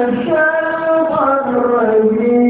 الشيطان الرجيم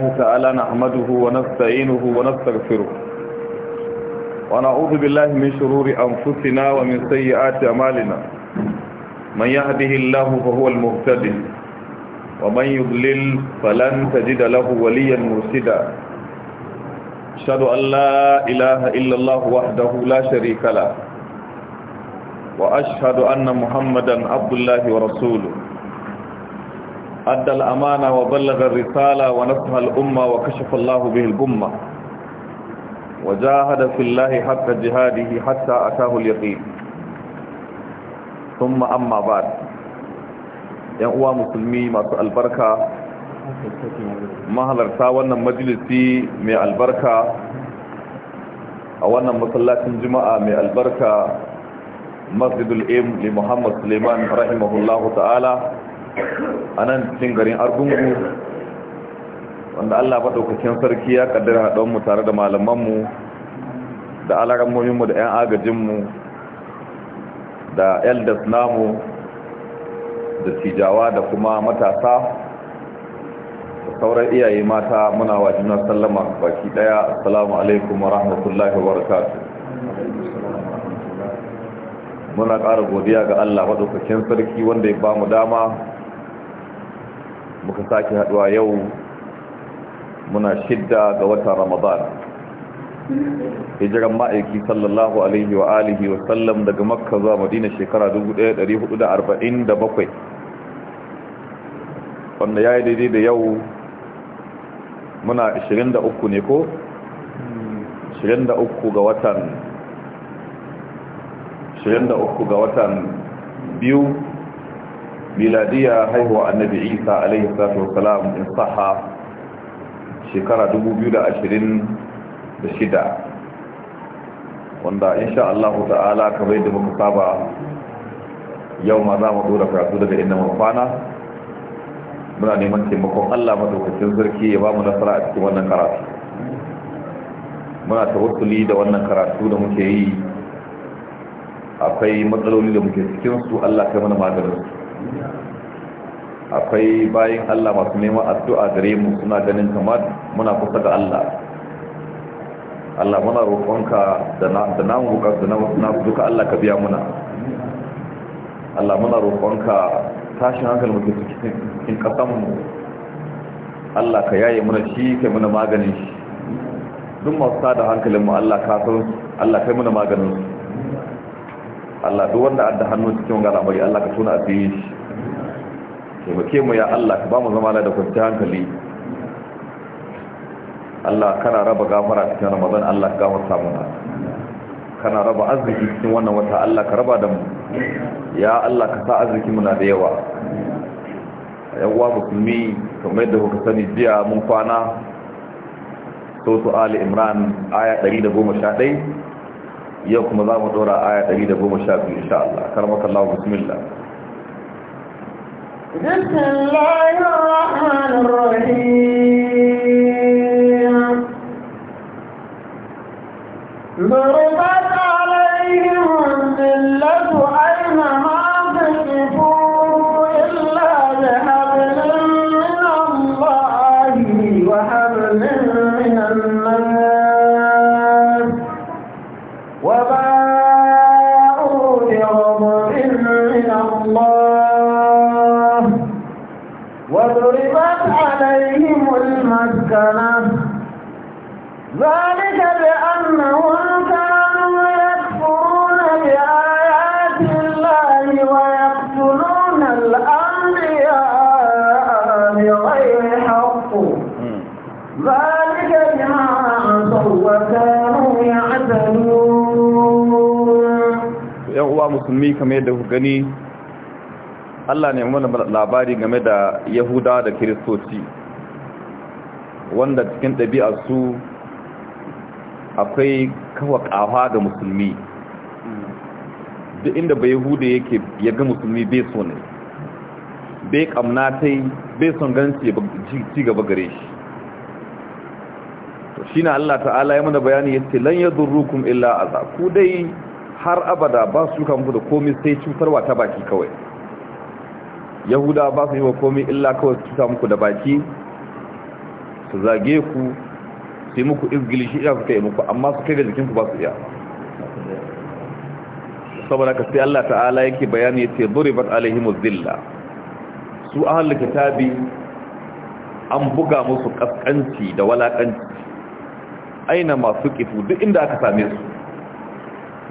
الله تعالى نحمده ونستعينه ونستغفره ونعوذ بالله من شرور أنفسنا ومن سيئات أمالنا من يهده الله فهو المهتد ومن يضلل فلن تجد له وليا مرشدا أشهد أن لا إله إلا الله وحده لا شريك له وأشهد أن محمدا عبد الله ورسوله أدى الأمانة وبلغ الرسالة ونصح الأمة وكشف الله به الأمة وجاهد في الله حق جهاده حتى أتاه اليقين ثم أما بعد يقوى مسلمي ما البركة mahalar ta wannan majalisi mai albarka a wannan masallacin juma'a mai albarka masjidul im li muhammad suleiman rahimahullahu ta'ala a nan cikin garin argungu wanda allah maɗaukakin sarki ya ƙaddara haɗonmu tare da malamanmu da mu da 'yan agajinmu da eldas namu da tijawa da kuma matasa da sauran iyaye mata muna wa juna sallama baki ɗaya assalamu alaikum wa rahmatullahi wa barakatuh muna ƙara godiya ga Allah maɗaukakin sarki wanda ya ba mu dama muka sake haduwa yau muna shidda ga watan ramadan hijiran ma'aiki sallallahu alaihi wa alihi wa sallam daga makka zuwa madina shekara 1447 wanda ya yi daidai da yau muna 23 ne ko 23 ga watan 23 ga watan biyu ya haihuwa annabi isa alaihi salatu wassalam in saha shekara 2026 wanda insha Allah ta'ala kamar yadda muka saba yau ma za mu dora karatu daga inda mu kwana muna neman taimakon Allah madaukakin sarki ya ba mu nasara a cikin wannan karatu muna tawassuli da wannan karatu da muke yi akwai matsaloli da muke cikin su Allah kai mana maganin su akwai bayan Allah masu neman addu'a gare mu suna ganin kamar muna kusa ga Allah Allah muna roƙonka da namu bukatu na wasu nasu duka Allah ka biya muna Allah muna roƙonka tashin hankali muke cikin ƙasanmu Allah ka yaye muna shi kai muna maganin shi duk masu da hankalinmu Allah ka san Allah kai muna maganin Allah duk wanda adda hannu cikin wanga bari Allah ka tuna a fiye shi taimake mu ya Allah ka ba mu zama da kwanciyar hankali Allah kana raba gafara cikin Ramadan Allah ka gafarta mana kana raba arziki cikin wannan wata Allah ka raba da mu ya Allah ka sa arziki muna da yawa yan uwa musulmi kamar yadda kuka sani jiya mun kwana sosu ali imran aya 111 yau kuma za mu dora aya 112 insha Allah karmaka Allah bismillah بسم الله الرحمن الرحيم ضربت عليهم musulmi kamar yadda ku gani Allah ne mana labari game da Yahuda da Kiristoci wanda cikin ɗabi'arsu akwai kawa ƙafa ga musulmi duk inda bai Yahuda yake ya ga musulmi bai so ne bai ƙamna ta yi bai son ganci ci gaba gare shi to shi na Allah ta'ala ya mana bayani ya ce lan ya durrukum illa azab ku dai har abada ba su shuka muku da komai sai cutarwa ta baki kawai yahuda ba su yi wa komai illa kawai su cuta muku da baki su zage ku sai muku izgili shi iya suka yi muku amma su kai ga jikinku ba su iya saboda ka sai Allah ta'ala yake bayani yace duribat alaihimuz zilla su ahlul kitabi an buga musu kaskanci da walakanci aina masu kifu duk inda aka same su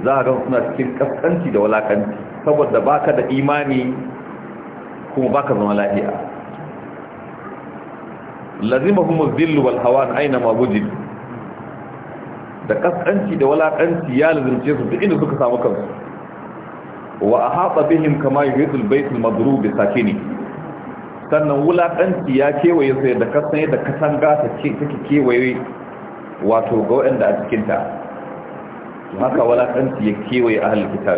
za a gama suna cikin kaskanci da walakanci saboda ba ka da imani kuma ba ka zama lafiya kuma zillu wal na aina ma guji? da kaskanci da walakanci ya lazimce su duk inda suka samu kansu wa a ahata bihin kama yuhidul baitul madrub bi sakini sannan wulakanci ya kewaye su yadda kasan yadda katanga ta ce take kewaye wato ga waɗanda a cikinta haka walakanci ya kewaye ahalin kitab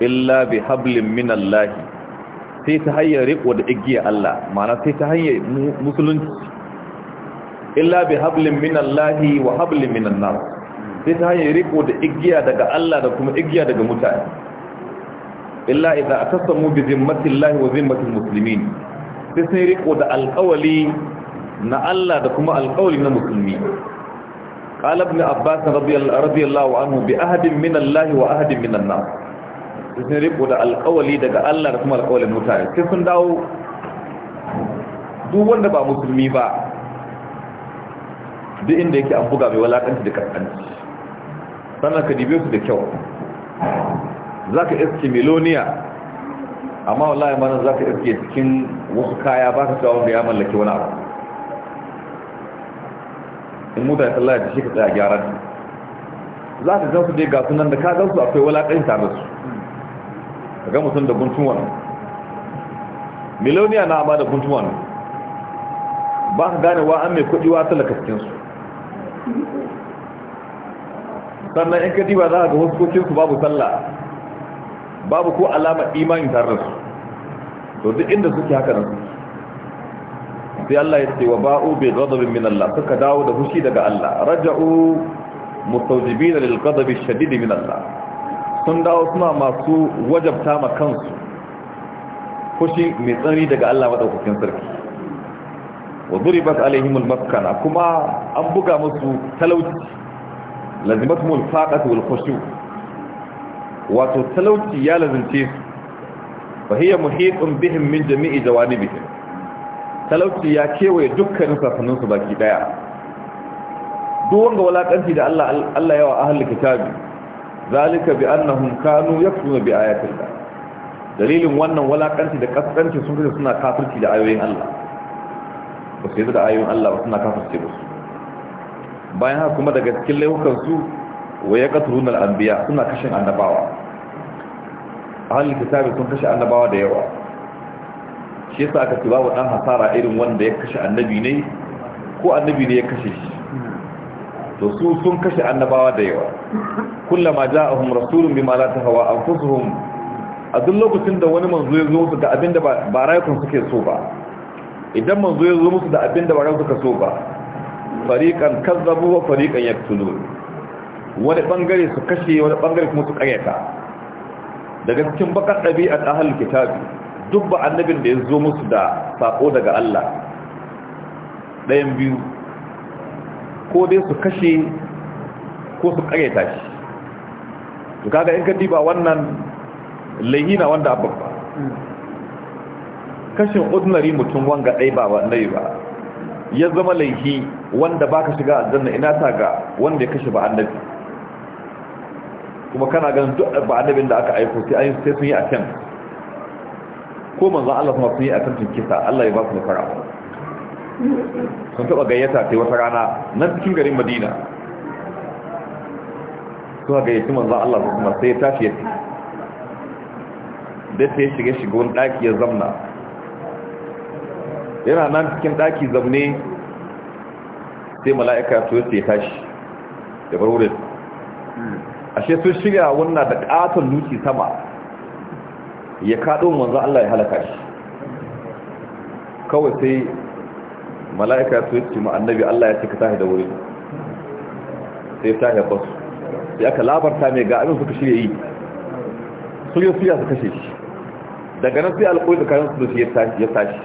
illa bi hablin min Allah sai ta hanyar riƙo da igiya Allah ma'ana sai ta hanyar musulunci illa bi hablin min Allah wa hablin min annar sai ta hanyar riƙo da igiya daga Allah da kuma igiya daga mutane illa idza atasamu bi Allah wa zimmatil muslimin sai sai riƙo da alƙawali na Allah da kuma alƙawali na musulmi قال ابن عباس رضي الله عنه بأهد من الله وأهد من الناس sun riko da alkawali daga Allah da kuma alƙawalin mutane sai sun dawo duk wanda ba musulmi ba duk inda yake an buga mai walakanci da kaskanci sannan ka dibe su da kyau za ka iske miloniya amma wallahi manan za ka iske cikin wasu kaya ba ka cewa wanda ya mallaki wani abu in mutane ya da shi ka tsaya gyara su za ka zan su dai ga sunan da ka zan su akwai walaƙarin tare su ka ga mutum da guntun wani miloniya na amma da guntun wani ba ka gane wa an mai kuɗi wa talaka su. sannan in ka diba za ka ga wasu kokinsu babu sallah babu ko alamar imanin tare su to duk inda suke haka nan sai Allah ya ce wa ba'u bi ghadabin min Allah suka dawo da fushi daga Allah raja'u mustawjibina lil ghadabi shadid min Allah sun dawo suna masu wajabta ma kansu fushi mai tsari daga Allah madaukakin sarki wa duribat alaihim al maskana kuma an buga musu talauci lazimatuhum al faqatu wal khushu wato talauci ya lazimce su fa hiya muhitun bihim min jami'i jawanibihim talauci ya kewaye dukkanin safanninsu baki daya duk wanga walakanci da Allah Allah a halin kitabi zalika bi annahum kanu yakfuruna bi ayatillah dalilin wannan walakanci da kaskanci sun kace suna kafirci da ayoyin Allah ba su yi da ayoyin Allah ba suna kafirci ba su bayan haka kuma daga cikin laifukan su wa yaqtuluna al-anbiya suna kashin annabawa halin kitabi sun kashe annabawa da yawa shi yasa aka ce babu dan hasara irin wanda ya kashe annabi ne ko annabi ne ya kashe shi to su sun kashe annabawa da yawa kullama ja'ahum rasulun bima la tahawa anfusuhum a duk lokacin da wani manzo ya zo musu da abinda ba rayukan suke so ba idan manzo ya zo musu da abinda ba rayukan suka so ba fariqan kazzabu wa fariqan yaqtulun wani bangare su kashe wani bangare kuma su karyata daga cikin bakar dabi'at ahlul kitabi duk ba annabin da ya zo musu da sako daga Allah ɗayan biyu ko dai su kashe ko su ƙareta shi to kaga in ka diba wannan laihina wanda abubba kashin ordinary mutum wanga ɗai ba wannan ba ya zama laihi wanda baka shiga aljanna ina ta ga wanda ya kashe ba annabi kuma kana ganin duk ba annabin da aka aiko sai sai sun yi a attempt ko manzo Allah kuma sun yi attempting kisa Allah ya ba su nufara sun taɓa gayyata sai wata rana nan cikin garin Madina suka gayyaci manzo Allah kuma sai ya tashi ya da sai ya shiga shiga wani ɗaki ya zamna yana nan cikin ɗaki zamne sai mala'ika to ya tashi da bar wurin ashe sun shiga wannan da ƙaton nuki sama ya kaɗo manzo Allah ya halaka shi kawai sai mala'ika su yi ma annabi Allah ya ce ka tahi da wuri sai ta ya basu sai aka labarta mai ga abin suka shirya yi sun yi suya su kashe shi daga nan sai alƙoyi tsakanin su da shi ya tashi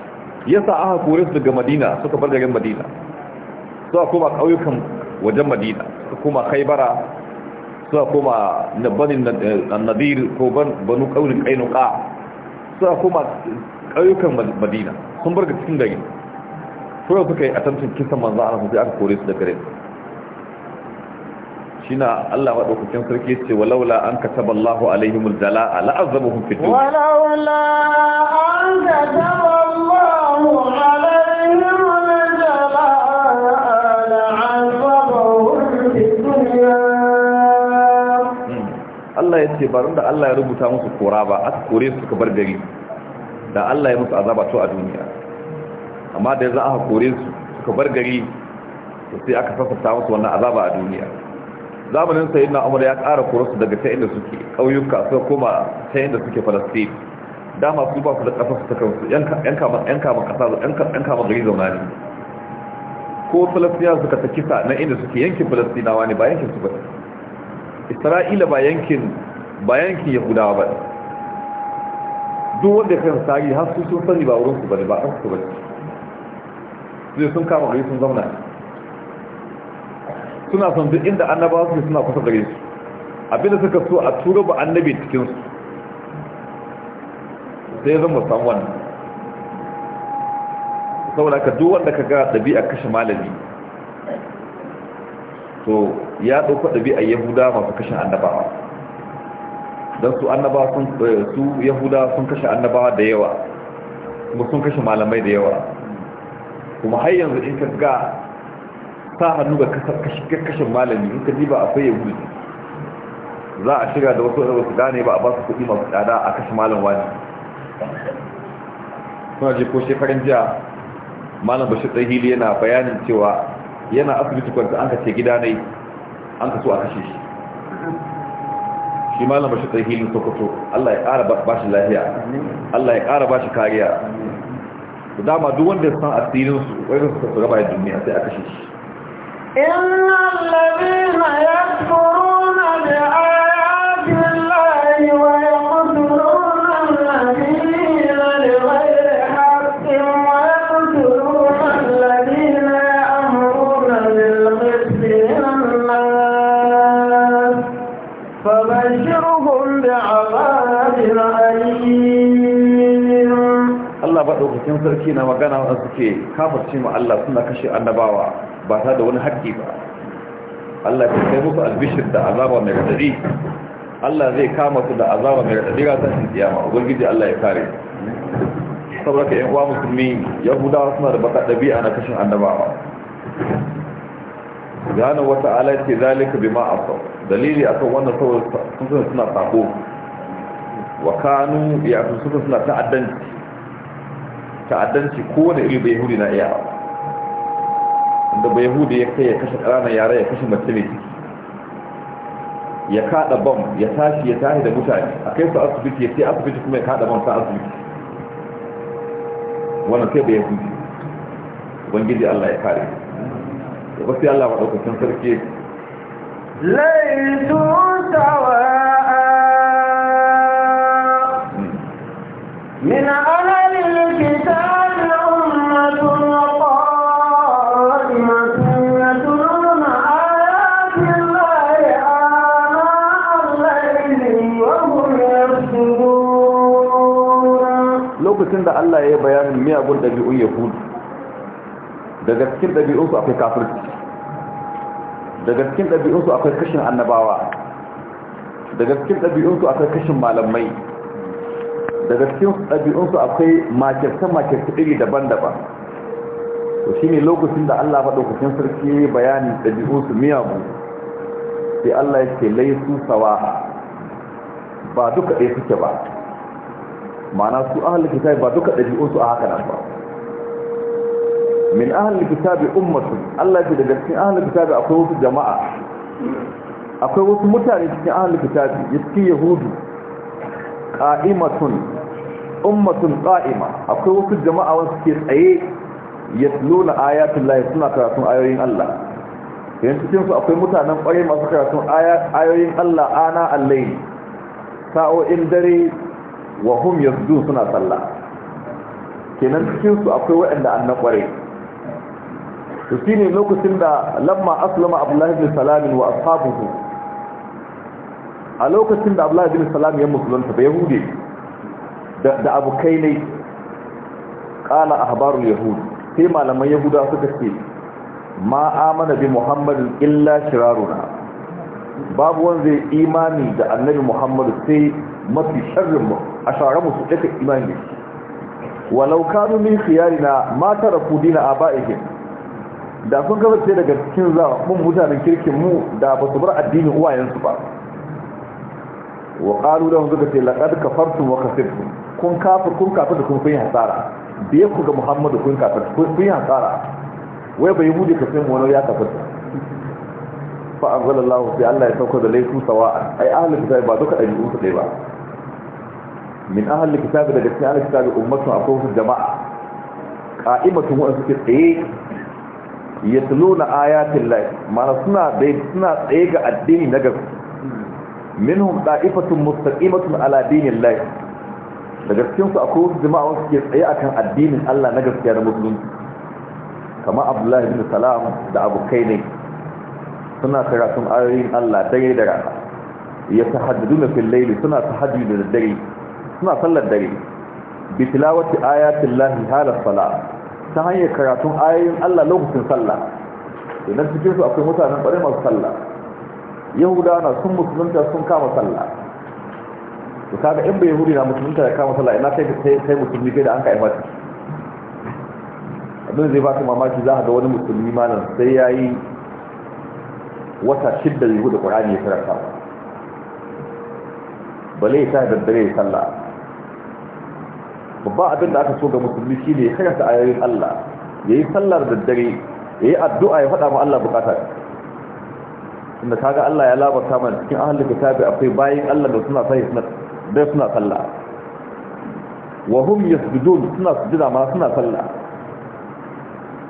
ya sa aka kore su daga madina suka bar garin madina a koma ƙauyukan wajen madina su koma kaibara suka koma na banin eh, nadir ko banu kaurin kainuka suka koma ƙauyukan madina sun bar ga cikin gari kuma suka yi a atamcin kisan manzo ana sai aka kore su da gare shi na Allah maɗaukakin sarki ce walaula an kataba Allahu alaihimul jala'a la'azabuhum fid dunya walaula an kataba Allah ya ce ba da Allah ya rubuta musu kora ba aka kore su suka bar gari da Allah ya musu azaba to a duniya amma da za aka kore su suka bar gari to sai aka sassafta musu wannan azaba a duniya zamanin sayin na amur ya kara kore su daga ta inda suke ƙauyuka suka koma ta inda suke falastin dama su ba su da ƙasa su ta kansu yan kama gari zauna ne ko falastina suka ta kisa na inda suke yankin falastinawa ne ba yankin su ba isra'ila ba yankin ba yankin yahudawa ba duk wanda ya kai sari har su sun sani ba wurin su bane ba an su bane sai sun kama gari sun zauna suna son duk inda annabawa su suna kusa gare su abinda suka so a tura ba annabi cikin su sai ya zama san wannan saboda ka duk wanda ka ga ɗabi'a kashe malami to ya ɗauka ɗabi'a yahuda masu kashe annabawa don su annabawa eh, su yahuda sun kashe annabawa da yawa kuma sun kashe malamai da yawa kuma har yanzu in ka ga ta hannu ga kashe malami in ka ji ba akwai yahudu za a shiga da wasu wasu gane ba a ba su kuɗi masu tsada a kashe malam wani suna je ko shekarun jiya malam bashir hili yana bayanin cewa yana asibiti kwanta an ka ce gida ne an ka so a kashe shi shi malam bashi tsaye hilin sokoto Allah ya ƙara ba shi lahiya. Allah ya ƙara ba shi kariya da dama duk wanda san asirin su wanda suka su gaba da duniya sai a kashe shi inna allazina yadkurun cikin sarki na magana wanda suke kafarci ma Allah suna kashe annabawa ba ta da wani haƙƙi ba Allah ya kai musu albishir da azaba mai raɗaɗi. Allah zai kama su da azaba mai gadadi ga tashin kiyama ubangiji Allah ya kare saboda yan uwa musulmi yahudawa suna da baka dabi'a na kashin annabawa gane wata ala ce zalika bima asau dalili akan wannan saboda sun suna sako wa kanu ya sun suna ta'addanci ta'addanci kowane iri bai yahudi na iya inda bai yahudi ya kai ya kashe ƙananan yare ya kashe mace mai ciki ya kada bam ya tashi ya tashi da mutane a kai su asibiti ya sai asibiti kuma ya kada bam ta asibiti wannan sai bai yahudi ubangiji allah ya kare ya wasu allah maɗaukacin sarki laitu tawa miyagun ɗabi'un yahudu daga cikin ɗabi'unsu akwai kafir daga cikin ɗabi'unsu akwai kashin annabawa daga cikin ɗabi'unsu akwai kashin malamai daga cikin ɗabi'unsu akwai makirce-makirce iri daban-daban to shi ne lokacin da allah kusan sarki bayanin ɗabi'unsu miyagu sai allah ya ce laisu sawa ba duka ɗaya suke ba ma'ana su ahal kitabi ba duka su a haka nan ba min ahal kitabi ummatun Allah ce daga cikin ahal kitabi akwai wasu jama'a akwai wasu mutane cikin ahal kitabi yaskin yahudu qa'imatun ummatun qa'ima akwai wasu jama'a wasu ke tsaye yatluna ayatul lahi suna karatun ayoyin Allah yan cikin su akwai mutanen ƙwarai masu karatun ayoyin Allah ana allai sa'o'in dare wa hum yasdu suna sallah kenan cikin su akwai waɗanda an naƙware to shine lokacin da lamma aslama abdullahi bin salam wa ashabuhu a lokacin da abdullahi bin salam ya musulunta ba yahudi da da abukai ne qala ahbarul yahud sai malaman yahuda suka ce ma amana bi muhammadin illa shiraruna babu wanda zai imani da annabi muhammadu sai mafi sharrin mu a shara mu su take imani walau kanu min khiyarina ma taraku dina aba'ihim da sun kasance daga cikin zaɓin mutanen kirkin mu da ba su bar addinin uwayensu ba wa ƙalu da suka ce laƙad kafartum wa kafirtum kun kafir kun kafir da kun kun yi hasara Da ku ga muhammadu kun kafir kun kun yi hasara wai bai ka kafin wani ya kafir fa anzalallahu sai Allah ya sauka da laifu sawa'a ai ahlul kitab ba duka ɗari su ɗaya ba min ahalin kitabi daga cikin ahalin kitabi ummatun akwai wasu jama'a qa'imatun wa'an suke tsaye yatluna ayatin lahi mana suna dai suna tsaye ga addini na gaske minhum da'ifatun mustaqimatun ala al'adinin lahi daga cikin su akwai wasu jama'a wasu ke tsaye akan addinin Allah na gaskiya da musulunci kamar Abdullahi ibn Salam da abokai ne suna karatun ayoyin Allah dare da rana ya tahadduna fil layli suna tahajjud da daddare. suna sallar dare bi tilawati ayatin lahi halar sala ta hanyar karatun ayoyin Allah lokacin sallah idan cikin su akwai mutanen ƙwarai masu sallah yahuda na sun musulunta sun kama sallah to kaga in bai yahudi na musulunta da kama sallah ina kai kai musulmi kai da an ka aiwa abin zai baka mamaki za a ga wani musulmi malam sai ya yi wata shidda yahuda ƙur'ani ya karanta bale ya sa daddare ya sallah ba abin da aka so ga musulmi shine ya karanta ayoyin Allah ya yi sallar daddare yi addu'a ya faɗa ma Allah bukata inda ga Allah ya labarta mana cikin ahlul kitabi akwai bayan Allah da suna sai suna da suna sallah wa hum yasjudun suna sujuda ma suna sallah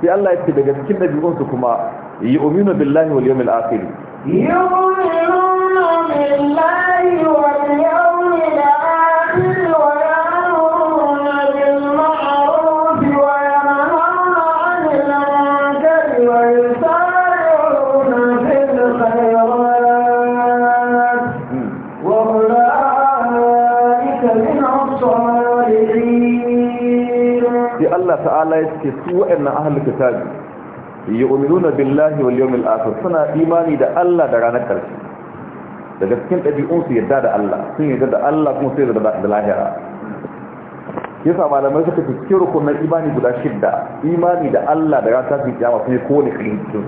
sai Allah ya ce daga cikin dabi'un su kuma yu'minu billahi wal yawmil akhir yu'minu billahi wal yawmil akhir ta'ala ya ce su waɗannan ahlul kitabi yu'minuna billahi wal yawmil akhir suna imani da Allah da ranar karshe daga cikin ɗabi'un su yadda da Allah sun yadda da Allah kuma sai da lahira yasa malamai suka ce cikin rukunin imani guda shidda imani da Allah da ranar tashin kiyama sun yi kowane cikin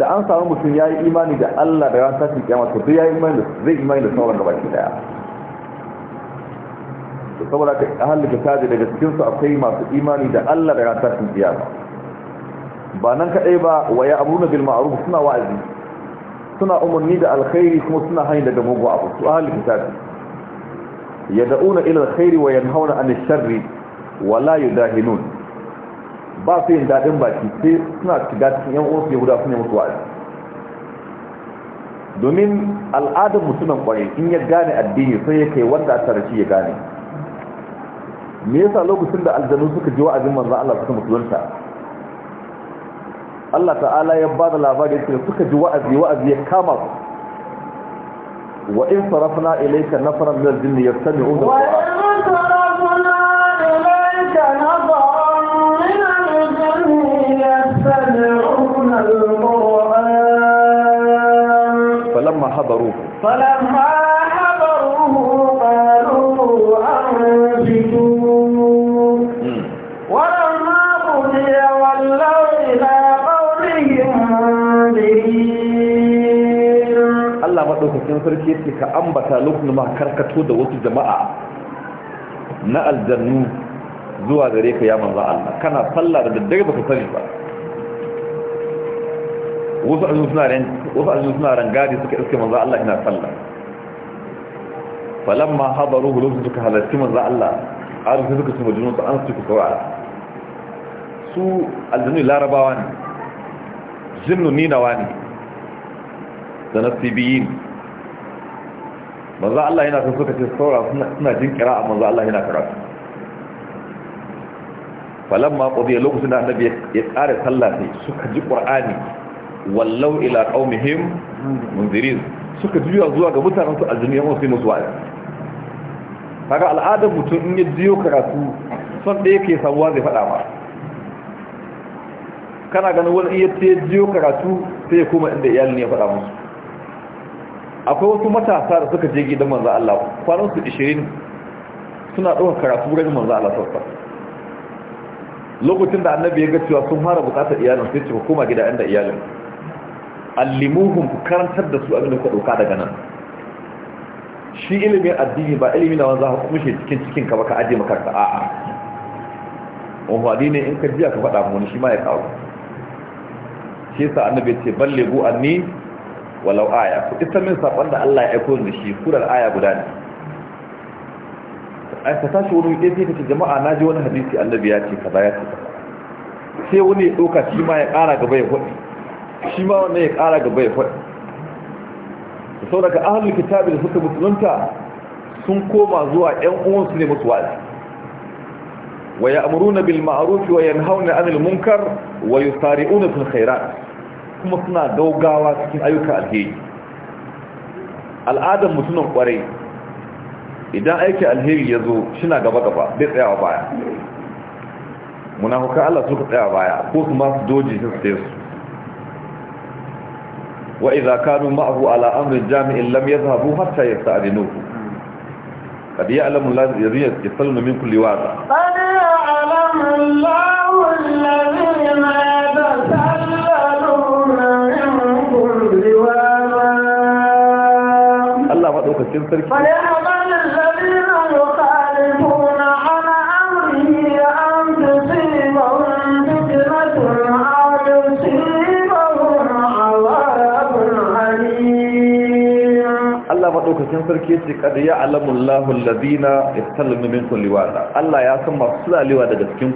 da an samu mutum ya yi imani da Allah da ranar tashin kiyama to zai yi imani da imani da sauran gaba ki daya saboda ka ahalin kitabi daga cikin su akwai masu imani da Allah da ranar tashin kiyama ba nan kadai ba wa ya abuna bil ma'ruf suna wa'azi suna umarni da alkhairi kuma suna hani daga mugu abu su ahalin Ya dauna ila alkhairi wa yanhauna 'anil sharri wa la yudahinun ba su yin dadin baki sai suna shiga cikin yan uwansu yahuda su ne musu wa'azi domin al'adar musulman kwarai in ya gane addini sai ya kai wanda a tarashi ya gane me yasa lokacin da aljanu suka ji wa'azin manzo Allah suka musulunta Allah ta'ala ya bada labari cewa suka ji wa'azi wa'azi ya kama su wa in sarafna ilayka nafaran min al-jinn yastami'una wa in sarafna ilayka nafaran min al-jinn yastami'una al-qur'an falamma hadaru falamma sarki yake ka ambata lokacin ma karkato da wasu jama'a na aljannu zuwa gare ka ya manzo Allah kana sallah da daddare baka sani ba wasu aljannu suna ran wasu aljannu suna rangadi suka iske manzo Allah ina sallah falamma hadaruhu lokacin suka halarci manzo Allah an su suka tuma junansu an su kuka su aljannu larabawa ne jinnu ninawa ne da nasibiyin manzo Allah yana son suka ce saura suna jin kira a manzo Allah yana karatu falamma qadiya lokacin da annabi ya tsare sallah sai suka ji qur'ani wallau ila qaumihim munzirin suka juya zuwa ga mutanen su aljinniyan wasu musu wa'azi kaga al'adar mutum in ya jiyo karatu son da yake samuwa zai faɗa ma kana ganin wani iya ce jiyo karatu sai ya koma inda iyalin ya faɗa musu akwai wasu matasa da suka je gidan manzo Allah kwanan su 20 suna ɗaukar karatu wurin manzo Allah sauka lokacin da annabi ya ga cewa sun fara bukatar iyalin sai ce koma gida inda iyalin allimuhum ku karantar da su a da ku dauka daga nan shi ilimin addini ba ilimi na wanzu za mushe cikin cikin ka baka aje makarta a'a wani ne in ka jiya ka faɗa mu shi ma ya kawo shi yasa annabi ya ce ballighu anni walau aya ku ita min saƙon da Allah ya aiko da shi kurar aya guda ne ai ka tashi wani ɗaya sai ka ce jama'a na ji wani hadisi annabi ya ce kaza ya ce kaza sai wani ya ɗauka shi ma ya ƙara gaba ya faɗi shi ma wannan ya ƙara gaba ya faɗi da sau daga ahalin kitabi da suka musulunta sun koma zuwa ƴan uwansu ne musu wa'azi wa ya'muruna bil ma'ruf wa yanhauna 'anil munkar wa yusari'una fil khairat kuma suna daugawa cikin ayyuka alheri al'adar mutumin kwarai idan aiki alheri ya zo shina gaba-gaba bai tsayawa baya munafuka Allah suka tsaya baya ko su masu doji sun tsaye su wa idza kanu ma'ahu ala amrin jami'in lam yadhhabu hatta ya yasta'dinuhu قد يعلم الله الذين يصلون من كل واضع قد يعلم الله الذين sarki maɗaukakin sarki ce kada ya alamun lahun labina ya sallama liwada Allah ya san masu sulalewa daga cikin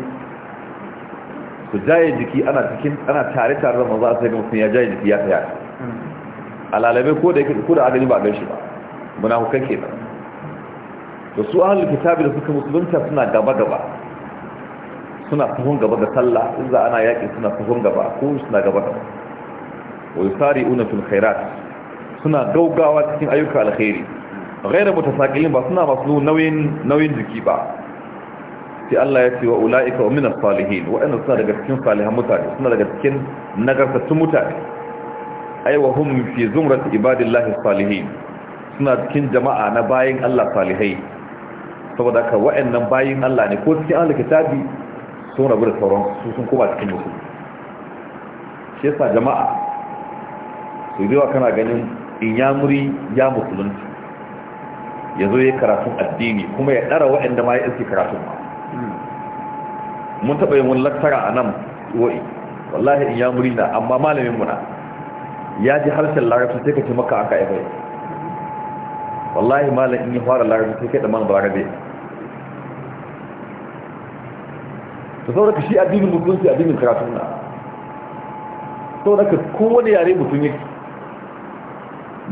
Ku jaye jiki ana tare tare da maza sai ga mutum ya jaye jiki ya taya hmm. a lalabe ko da yake da adali ba gan ba munafukai kenan da su ahlul kitabi da suka musulunta suna gaba gaba suna tuhun gaba da sallah in za ana yaƙi suna tuhun gaba ko suna gaba gaba wa yusari'una fil khairat suna gaugawa cikin ayyuka alkhairi ghayra mutasaqilin ba suna masu nauyin nauyin jiki ba sai Allah ya ce wa ula'ika wa minas salihin wa'anda suna daga cikin salihan mutane suna daga cikin nagartattun mutane Aiwa wa hum fi zumrat ibadillahi salihin suna cikin jama'a na bayin Allah salihai saboda ka wa'annan bayin Allah ne ko cikin Allah kitabi sun rabu da sauran su sun koma cikin musu shi yasa jama'a su Yi wa kana ganin in ya muri ya musulunci ya zo ya karatun addini kuma ya ɗara wa'anda ma ya iske karatun ma mun taɓa yin wani a nan wa'i wallahi in ya muri na amma malamin muna ya ji harshen larabci sai ka ce maka aka ibai wallahi malam in yi fara larabi sai kai da malam balarabe to saboda shi addinin musulunci addinin karatun na Sau ka kowane yare mutum yake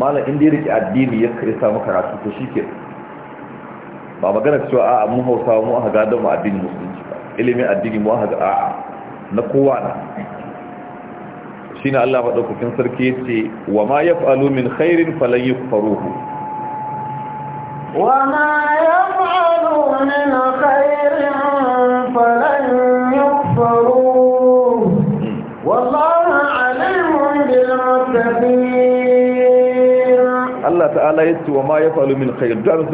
malam inda ya rike addini ya kai samu karatu ta shi ke ba magana cewa a amma hausa mu aka gadon mu addinin musulunci ba ilimin addini mu aka a na kowa na Shi na Allah maɗaukakin sarki ce wa ma yaf'alu min khairin falayi faruhu وما يفعلوا من a فلن يكفروه والله عليم بالمتقين الله تعالى يتي وما يفعلوا من خير دعوا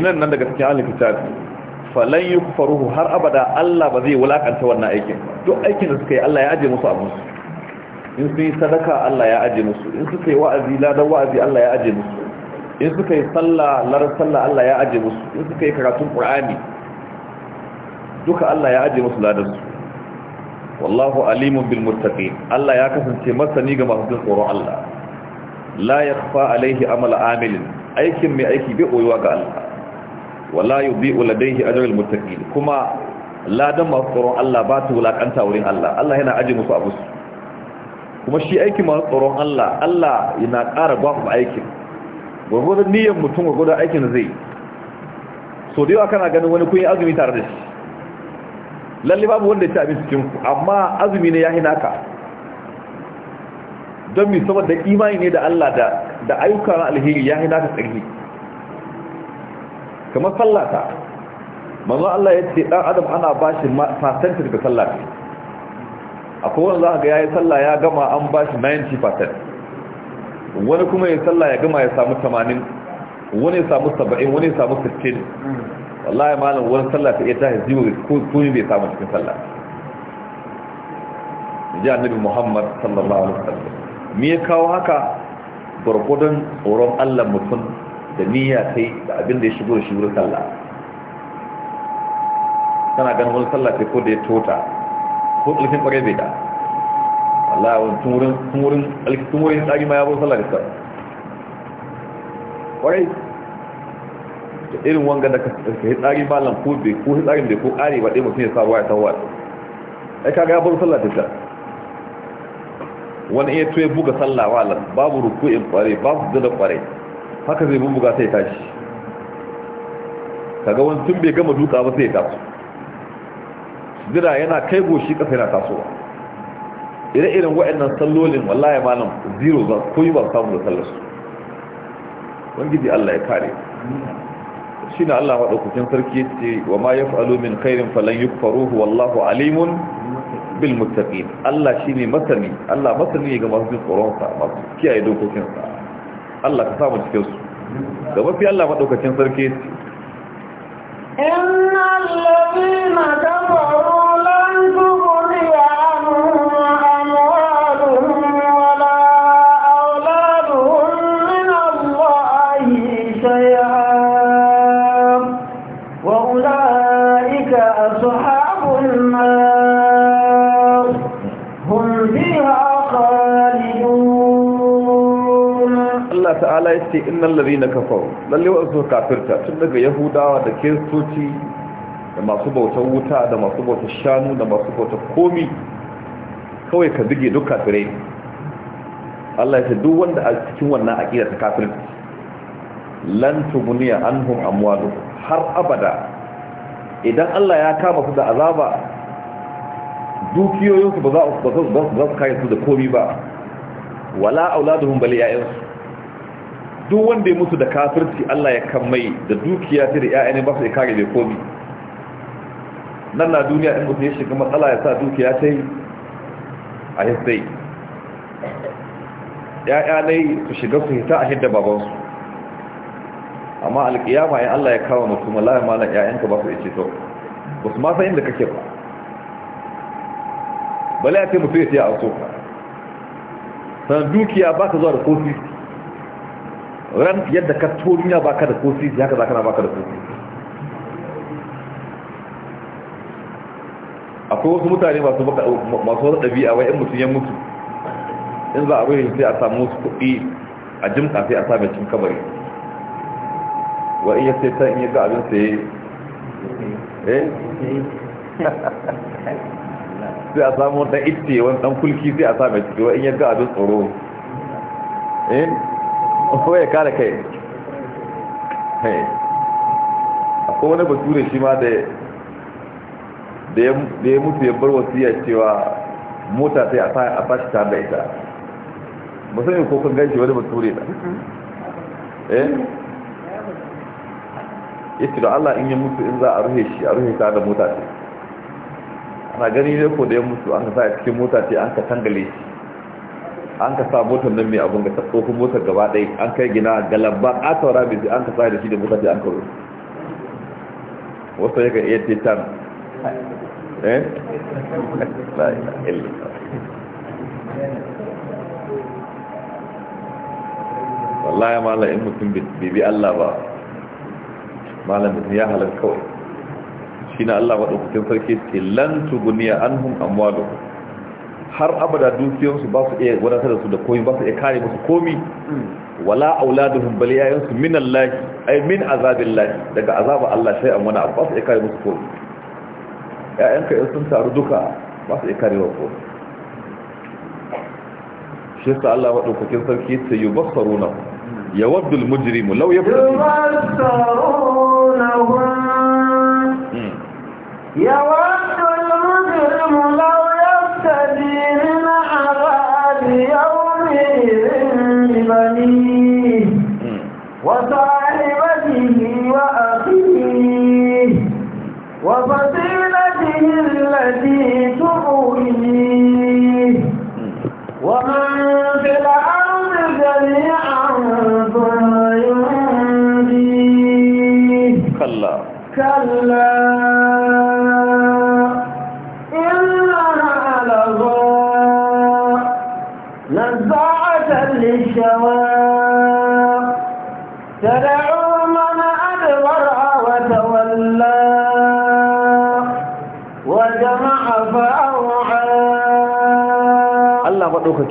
nan daga cikin ahlul kitab falan yukfaruhu har abada Allah ba zai wulakanta wannan aikin duk aikin da suka yi Allah ya aje musu abun su in sun yi sadaka Allah ya aje musu in suka yi wa'azi ladan wa'azi Allah ya aje musu in suka yi sallah ladan sallah Allah ya aje musu in suka yi karatun Qur'ani duka Allah ya aje musu ladan su wallahu alimun bil muttaqin Allah ya kasance masani ga masu tsoron Allah la yakhfa alaihi amal amilin aikin mai aiki bai koyuwa ga Allah wala yudhi'u ladayhi ajrul muttaqin kuma ladan masu tsoron Allah ba ta wulakanta wurin Allah Allah yana aje musu abu su kuma shi aiki masu tsoron Allah Allah yana ƙara ba aikin gwagwadon niyyar mutum gwagwadon aikin zai so da yawa kana ganin wani kun yi azumi tare da shi lalle babu wanda ya ci abin cikin ku amma azumi ne ya yi naka don mi saboda imani ne da Allah da ayyuka na alheri ya yi naka tsarki kamar sallata manzo Allah ya ce dan adam ana bashi fasantar da sallata akwai wanda za ga ya yi sallah ya gama an ba shi 90% wani kuma ya sallah ya gama ya samu 80 wani ya samu 70 wani ya samu 60 wallahi malam wani sallah ta iya ta ko ko tuni bai samu cikin sallah ji annabi muhammad sallallahu alaihi wasallam me ya kawo haka gurgudun tsoron allah mutum da niyya kai da abin da ya shigo da shigo sallah Kana ganin wani sallah sai ko da ya tota ko tsulfin ƙwarai bai da Allah tumurin tun wurin tsari ma ya bar sallar da ƙwarai da irin wanga da ka yi tsari ba lan ko bai ko tsarin bai ko ƙari ba ɗaya mutum ya sa waya ta waya ai kaga ya bar sallar da wani iya tuwe buga sallah wala babu ruku'in ƙwarai babu zada ƙwarai haka zai bubuga sai tashi kaga wani tun bai gama duka ba sai ya taso gira yana kai goshi kasa yana tasowa ire-iren waɗannan sallolin wallahi malam zero ba ko yi ba samu da sallarsu wangiji Allah ya kare shi na Allah maɗaukakin sarki ya ce wa ma ya fi min kairin falon yi faruhu wallahu alimun bil mutaƙin Allah shi ne masani Allah masani ga masu jin tsoronsa masu kiyaye dokokinsa Allah ka samu cikinsu ga mafi Allah maɗaukakin sarki ya ce إن الذين كفروا Allah ya ce innal ladina kafaru lalle wasu kafirta tun daga yahudawa da kiristoci da masu bautar wuta da masu bautar shanu da masu bautar komi kawai ka bige duk kafirai Allah ya ce duk wanda a cikin wannan aqida ta kafirci lan tubuniya anhum amwalu har abada idan Allah ya kama su da azaba dukiyoyinsu ba za su kai su da komi ba wala auladuhum bal ya'yansu duk wanda ya mutu da kafirci Allah ya kan mai da dukiya ta da ƴaƴan ba su kare da komi nan na duniya in mutu ya shiga matsala ya sa dukiya ta yi a hisai ƴaƴa ne su shiga su hita a hidda babansu amma alƙiyama ya Allah ya kawo kuma la wallahi malam ka ba su ce to ba su ma san inda kake ba bala ya ce mutu ya ce a soka sannan dukiya ba ka zuwa da kofi ran yadda ka toriya baka da kofi haka za na baka da kofi akwai wasu mutane masu wasu ɗabi'a wai 'yan mutum ya mutu in za a ruhin sai a samu wasu kuɗi a jimka sai a sami cin kabari wa iya sai ta in yi ga abin sai eh sai a samu wata itse wani ɗan kulki sai a sami ciki wa in ga abin tsoro eh ko ya kare kai ko wani bature shi ma da ya mutu ya bar wasiya cewa mota sai a fashi ta da ita musamman ko kan ganshi wani bature da hmm. eh yace da Allah in yi mutu in za a ruhe shi a ruhe ta da mota ce ana gani ne ko da ya mutu an ka sa cikin mota ce an ka tangale shi an ka sa motar nan mai abun ga tsofin motar gaba ɗai an kai gina galabar atawara mai an ka sa da shi da motar da an karo wasu yakan iya titan eh? wallahi malam in mutum bibi Allah ba malam mutum ya halar kawai shi na Allah waɗaukacin sarki tilantu guniya an hun amwalu har abada dukiyarsu ba su iya wadatar da su da komi ba su iya kare musu komi wala auladuhum bal yayansu min Allah ay min azabillah daga azaba Allah sai an wani ba su iya kare musu komi ƴaƴanka in sun taru duka ba su iya kare wa komi shi sa Allah madaukakin sarki yace yubassaruna yawaddu al mujrimu law yaftaru yubassaruna hmm. yawaddu al mujrimu wọ́n sáà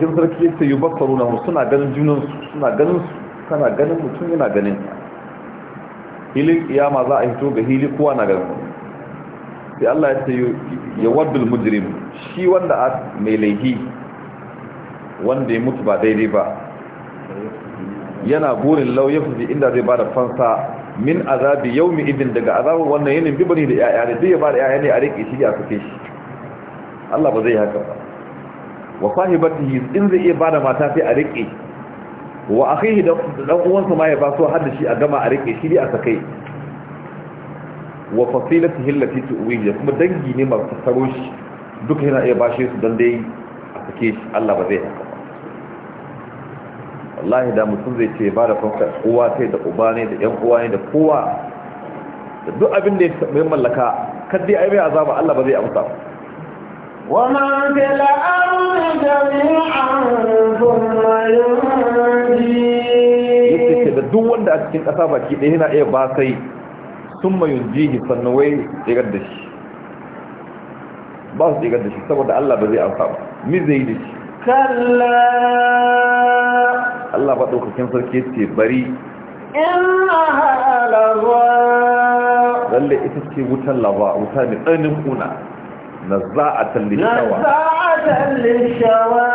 maɗaukakin sarki ya ce yi bakaru na suna ganin junansu suna ganin su kana ganin mutum yana ganin hilin ma za a hito ga hili kowa na ganin sai Allah ya ce ya wadda mujirin shi wanda a mai laihi wanda ya mutu ba daidai ba yana burin lau ya fuzi inda zai ba da fansa min azabi yau mi idin daga azabar wannan yanin bibani da 'ya'ya ne duk ya ba da 'ya'ya ne a riƙe shi a suke shi Allah ba zai haka ba wa sahibatihi in zai iya bada mata sai a rike wa akhihi da dan uwansa ma ya ba so hadda shi a gama a rike shi dai a sakai wa fasilatihi allati tuwihi kuma dangi ne masu tsaro shi duka yana iya bashe su dan dai a sake shi Allah ba zai haka wallahi da mutum zai ce ba da fanka uwa sai da uba ne da yan uwa ne da kowa da duk abin da ya mallaka kadai ai mai azaba Allah ba zai amsa ba da duk wanda a cikin ƙasa baki ɗaya yana iya ba sai sun mayun jihi sannan wai tsirar da shi ba su tsirar da shi saboda Allah ba zai amsa ba mi zai da shi kalla Allah ba ɗaukakin sarki ce bari inna halawa lalle ita ce wutan lava wuta mai tsanin kuna نزاعة للشوى نزاعة للشوى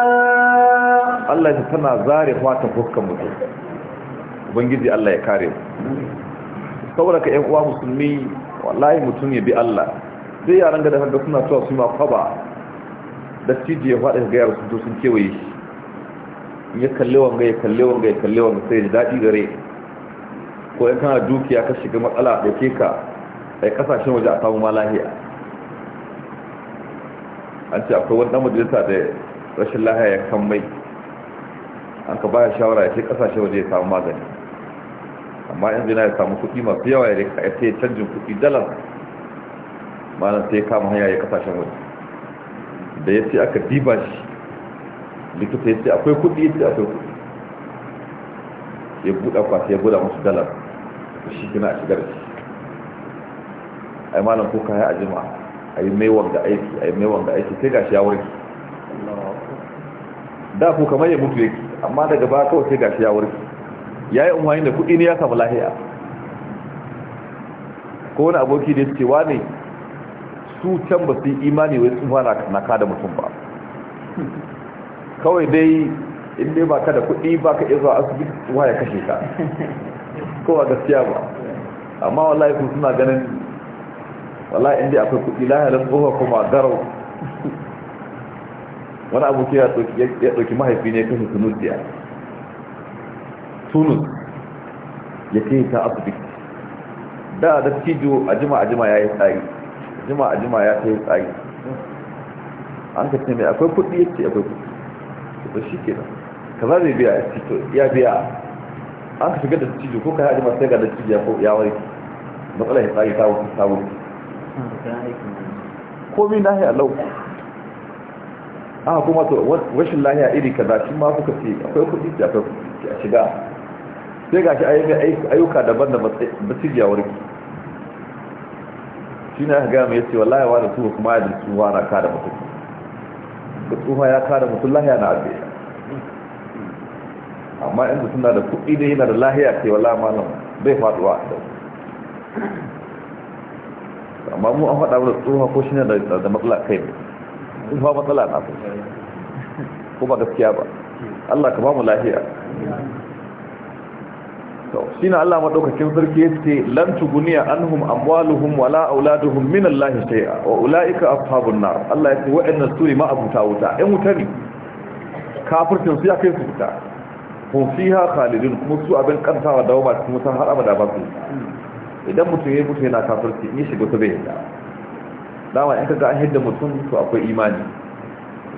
الله يتنا زاري فاتا Allah ya kare الله يكارم sauraka ‘yan uwa musulmi wallahi mutum ya bi Allah zai yaran da daga suna cewa su ma kwaba da ciji ya faɗi ga yaran sun sun kewaye shi ya kalle wanga ya kalle wanga ya kalle wanga sai ya daɗi gare ko ya kana dukiya ka shiga matsala da ke ka a kasashen waje a samu ma lahiya an ce akwai wani majalisa da rashin lahaya ya kan mai an ka baya shawara ya ce kasashe waje ya samu magani amma yanzu yana ya samu kuɗi masu yawa ya rika ya ce canjin kuɗi dalar malam sai ya kama hanya ya kasashen waje da ya ce aka diba shi likita ya ce akwai kuɗi ya ce akwai kuɗi ya buɗa kwasa ya buɗa masu dalar shi gina a shigar shi ai malam ko kaya a jima'a a yi mai wanga aiki a yi mai wanga aiki sai gashi ya warke da ku kamar ya mutu yake amma daga ba kawai sai gashi ya warke ya yi umarni da kuɗi ne ya samu lahiya ko wani aboki da ya cewa wa ne su can ba su yi imani wai fara na kada mutum ba kawai dai dai ba ka da kuɗi ba ka iya zuwa asibiti waya ya kashe ka kowa gaskiya ba amma wallahi kun suna ganin wala inda akwai kuɗi lahirar tsohon kuma garau wani abokin ya ɗauki mahaifi ne kashe tunisiya tunus ya ke ta asibiti da da cijo a jima a jima ya yi tsari jima a jima ya ta yi tsari an ka ce mai akwai kuɗi ya ce akwai kuɗi to shi ke nan ka za zai biya ya biya an ka shiga da cijo ko ka yi a jima sai ga da cijo ya wari matsala ya tsari ta wuce komi lahiya lauku, aka kuma to rashin lahiya iri kaza shi ma kuka ce akwai kudi da akwai a shiga sai ga shi ayyuka daban da basiriya warki shi ne aka gaya mai yace wa lahiya wani tuwa kuma yadda tsuwa na kada mutum ga tsuwa ya kada mutum lahiya na abe amma in suna da kudi da yana da lahiya ce wallahi malam bai faduwa a amma mu an faɗa wadda tsoha ko shi ne da matsala kai ne ba matsala na su ko ba gaskiya ba Allah ka ba mu lafiya shi na Allah maɗaukacin sarki ya ce lan tuguniya anhum amwaluhum wala auladuhum min Allah a wa ulaika ashabun na Allah ya ce wa'annan su ne ma'abuta wuta ɗan wuta ne kafircin su ya kai su wuta hum fiha khalidun kuma su abin kantawa dawo ba cikin wuta har abada ba su idan mutum ya mutu yana kafirci yi shiga ta bayyana dama in ka ga an hidda mutum to akwai imani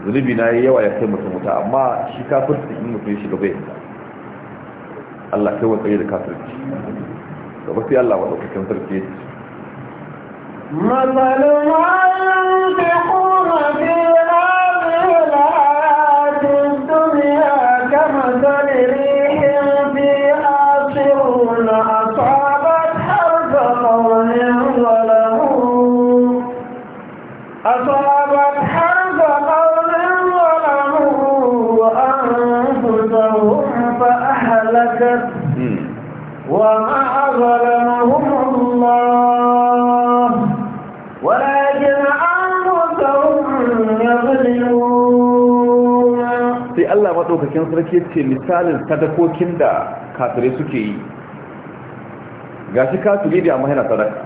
zunubi na yi yawa ya kai mutum wuta amma shi kafirci in mutum ya shiga bayyana yadda Allah kai wa tsaye da kafirci gaba sai Allah wa ɗaukakin sarki ya ce maɗaukakin sarki ce misalin sadakokin da kafirai suke yi ga shi kafiri da amma yana sadaka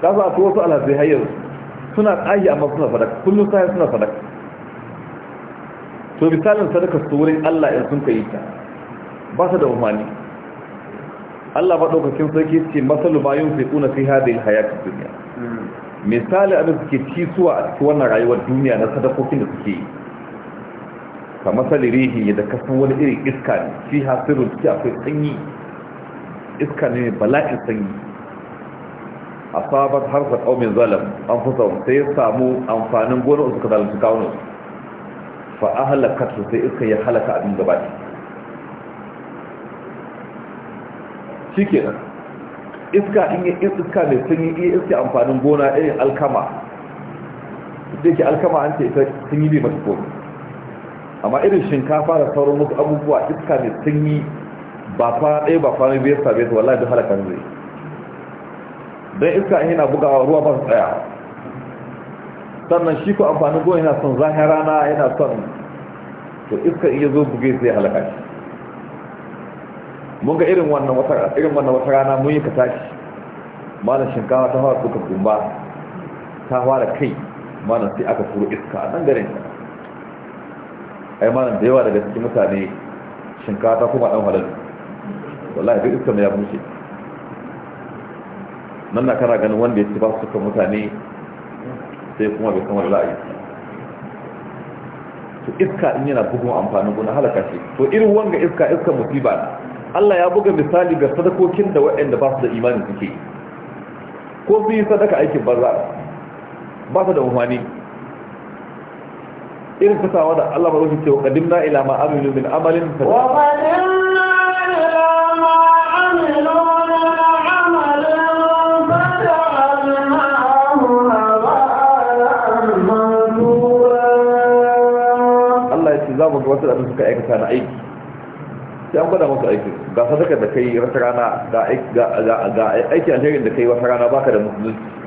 ta za a fi wasu alhazai hayar suna tsayi amma suna sadaka kullum sahi suna sadaka to misalin sadaka su wurin allah in sun kai ta ba su da umarni allah ba maɗaukakin sarki ce masalu ma yin fiƙuna fi hadin hayakin duniya hmm. misali abin suke ci suwa a cikin wannan rayuwar duniya na sadakokin da suke yi ka masali rihi da san wani irin iska ne fi hasirin ciki akwai sanyi iska ne bala'in sanyi a sabon harfa ƙaumin zalam an fi fusa sai ya samu amfanin gonar su ka zalunci kawunan fa a halakar su sai iska ya halaka abin gaba shi kenan iska in yi iska mai sanyi iya iska amfanin gona irin alkama da ke alkama an ce ita sun yi bai mata komai amma irin shinkafa da sauran musu abubuwa iska mai sanyi ba fa ɗaya ba kwanan biyar sabi su wallahi duk halakar zai don iska yana buga ruwa ba su tsaya sannan shi ko amfanin gona yana son zahir rana yana son to iska iya zo buge sai halaka shi mun ga irin wannan wata irin wannan wata rana mun yi ka tashi malam shinkafa ta fara suka gumba ta fara kai malam sai aka furo iska a nan garin ai malam da yawa daga cikin mutane shinkafa kuma dan halal wallahi duk iska ya bushe nan na kana ganin wanda ya ci ba su kan mutane sai kuma bai kamar la'ayi to iska in yana bugun amfanin gona halaka shi to irin wanga iska iska musiba Allah ya buga misali ga sadakokin da waɗanda ba su da imani suke ko su yi sadaka aikin banza ba su da umarni irin kasawa da Allah ba zai ce wa qadimna ila ma amilu min amalin fa wa qadimna ila ma amilu min amalin fa ja'alnahu Allah ya ce za mu ga wasu da suka aikata na aiki sai an gwada masu aiki ga sadaka da kai wata rana ga aiki alherin da kai wata rana baka da musulunci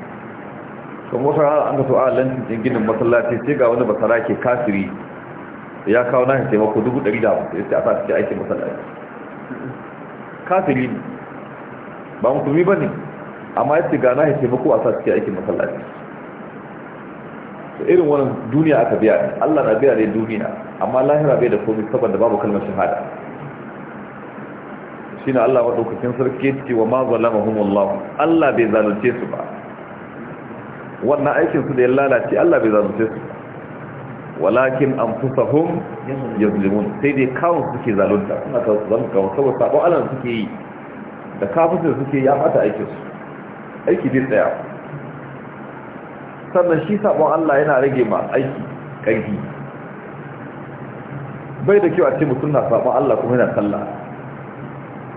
kuma wata rana an kaso a lantin ginin masallaci sai ga wani basara ke kafiri ya kawo na taimako dubu ɗari da hamsin ya ce a sa cikin aikin masallaci kafiri ne ba musulmi ba ne amma ya ce ga na taimako a sa cikin aikin masallaci irin wani duniya aka biya ne allah na biya ne duniya amma lahira bai da komi saboda babu kalmar shahada shi na allah maɗaukakin sarki ce wa ma zalamahum allah allah bai zalunce su ba wannan aikin su da ya lalace Allah bai zalunce su walakin anfusahum yazlimun sai dai kawun suke zalunta suna ta zalunta kawo saboda sabon Allah suke yi da kafin suke ya fata aikin su aiki bai tsaya sannan shi sabon Allah yana rage ma aiki ƙarfi bai da kyau a ce mutum na sabon Allah kuma yana sallah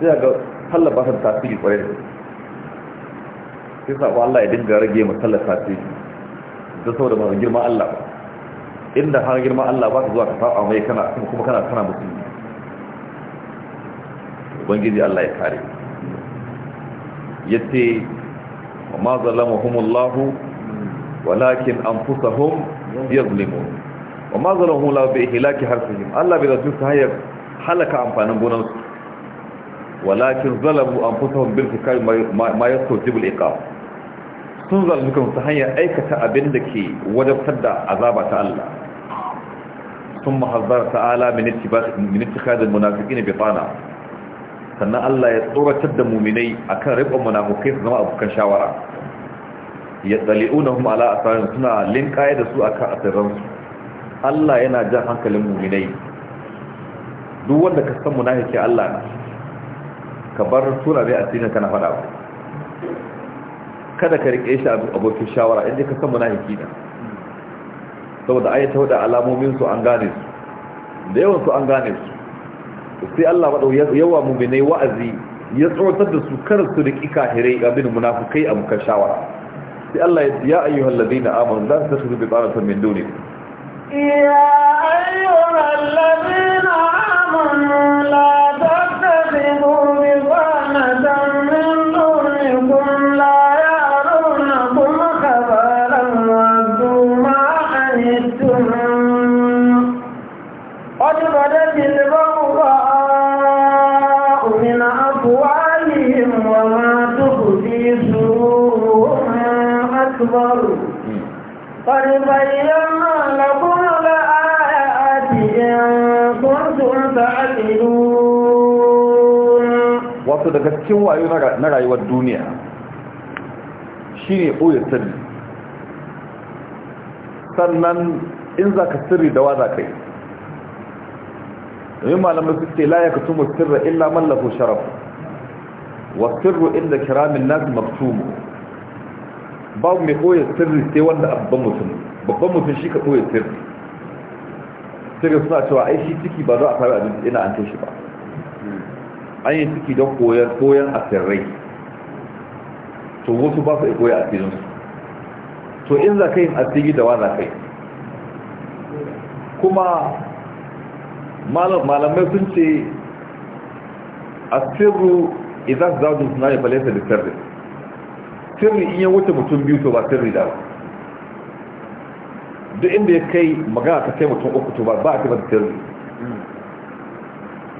sai ga sallah ba ta tasiri kwarai da sai sabo Allah ya dinga rage mu sallata ce da saboda ba girman Allah ba inda har girman Allah ba ka zuwa ka saba mai kana kuma kana kana musulmi ubangiji Allah ya kare yace ma zalamahumullahu walakin anfusahum yazlimun wa ma zalahu la bi ihlaki harfihim Allah bi zatu hayya halaka amfanin gonan su walakin zalamu anfusahum bil fikar ma yakujibu al iqab sun zalmi kansu hanyar aikata abin da ke wajabtar da azaba ta Allah sun mahazzar ta'ala miniti kajin munafiki ne bifana sannan Allah ya tsoratar da muminai a kan riƙon munafukai su zama abokan shawara ya na kuma ala tsarin suna linkaye da su a kan asiransu Allah yana jan hankalin muminai duk wanda ka san munafiki Allah ka bar tura bai asirin kana faɗa ba kada ka rike shi abokin shawara inda ka san munafiki ne saboda ayi ta wada alamomin su an gane su da yawan su an gane su sai Allah ba yawa mu'minai wa'azi ya tsotar da su kar su riki kafirai abin munafikai abokan shawara sai Allah ya ayyuhal ladina amanu la su bi ta'atin min duni ya ayyuhal ladina amanu la tasghulu daga cikin wayo na rayuwar duniya shine ɓoye sirri sannan in za ka sirri da wa za ka yi domin malamai su ce laye ka tumu sirra illa mallafo sharaf wa sirru inda kiramin nasu maktumu babu mai ɓoye sirri sai wanda abban mutum babban mutum shi ka ɓoye sirri sirri suna cewa ai shi ciki ba za a fara abinci ina an shi ba an yi suke don koyar koyan sirrai to wasu ba su koya asirinsu to in za ka yin asiri da wa za ka yi kuma malamai sun ce sirru idan za su suna yi falesa da sirri sirri in yi wuce mutum biyu to ba sirri da duk inda ya kai magana ta kai mutum uku to ba a kai ba sirri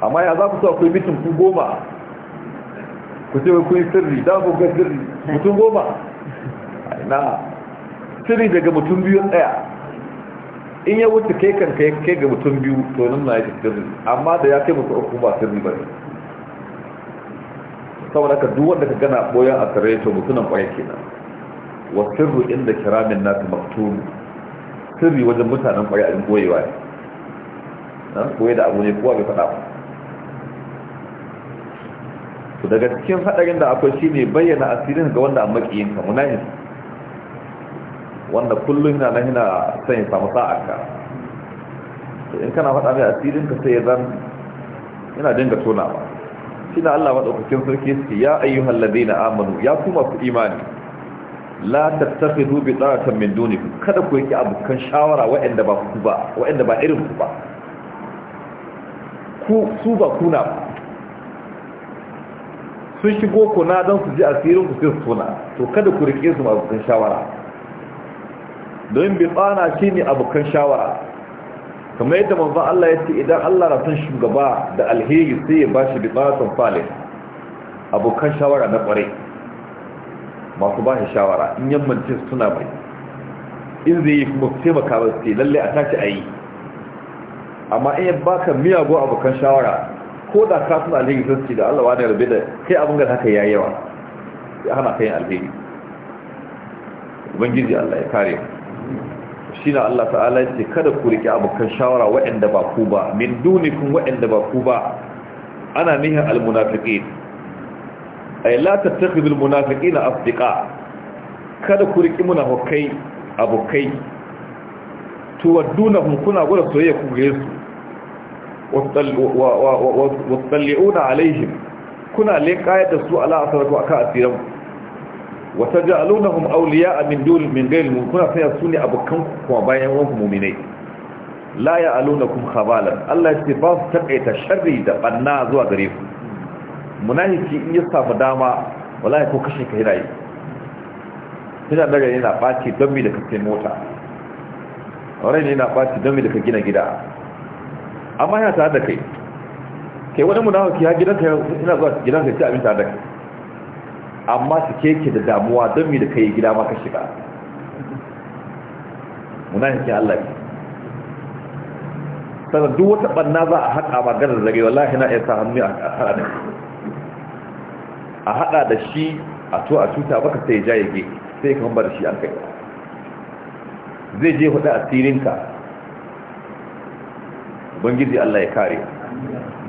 amma ya za ku sa akwai mitin ku goma ku ce kuwa sirri da ku ga sirri mutum goma na sirri daga mutum biyu daya in ya wuce kai kan kai kai ga mutum biyu to nan na yake sirri amma da ya kai mutu uku ba sirri ba ne saboda ka duk da ka gana boyan a tare to mutunan kwaye kenan wa sirri inda kiramin nasu maktum sirri wajen mutanen kwaye a goyewa ne na koyi da abu ne kowa bai faɗa ba to daga cikin hadarin da akwai shine bayyana asirin ga wanda amakiyin ka munafis wanda kullum yana nan yana son ya samu sa'arka to in kana faɗa mai asirin ka sai ya zan yana dinga tonawa da Allah madaukakin sarki yake ya ayyuhal ladina amanu ya kuma ku imani la tattakhidhu bi da'atan min dunikum kada ku yake abukan shawara waɗanda ba ku ba wa'anda ba irin ku ba ku su ba kuna ba sun shigo kuna don su ji asirin su su suna to kada ku rike su abokan shawara don bi tsana shi ne abokan shawara kamar yadda manzon Allah ya ce idan Allah na son shugaba da alheri sai ya bashi bi tsanatin fale abokan shawara na kware masu ba shi shawara in yammance su suna mai in zai yi kuma taimaka ba su lallai a tashi a yi amma in ya baka miyago abokan shawara ko da ka suna alheri sun da Allah wani rabe da kai abin gan haka ya yawa ya hana kayan alheri ubangiji Allah ya kare shi na Allah ta'ala ya ce kada ku riƙe abokan shawara waɗanda ba ku ba min dunikun waɗanda ba ku ba ana nihin almunafiqin ay la tattakhidul na asdiqa kada ku muna munafikai abokai tuwaddunahum kuna gura soyayya ku gare su wasalli'una alaihim kuna leƙayar da su ala asarku akan asirin wata auliya a min dole min ghayr mu kuna sanya su ne abokan kuma bayan wanku mu'minai la kuma khabalan Allah ya ce ba su taƙaita sharri da banna zuwa gare ku munafiki in ya samu dama ya ko kashe ka yana yi yana daga yana ɓaci don mi da kake mota rai ne yana ɓaci don mi da ka gina gida amma yana tare da kai ke wani munafiki ya gidanka yana zuwa gidanka ya ci abin tare da kai amma su keke da damuwa don mi da kai gida ma ka shiga munafiki Allah ne sannan duk wata banna za a haɗa maganar zare wallahi na iya sa hannu a haɗa da a haɗa da shi a to a cuta baka sai ya jayage sai ka hamba da shi an kai zai je hudu tsirinka ubangiji Allah ya kare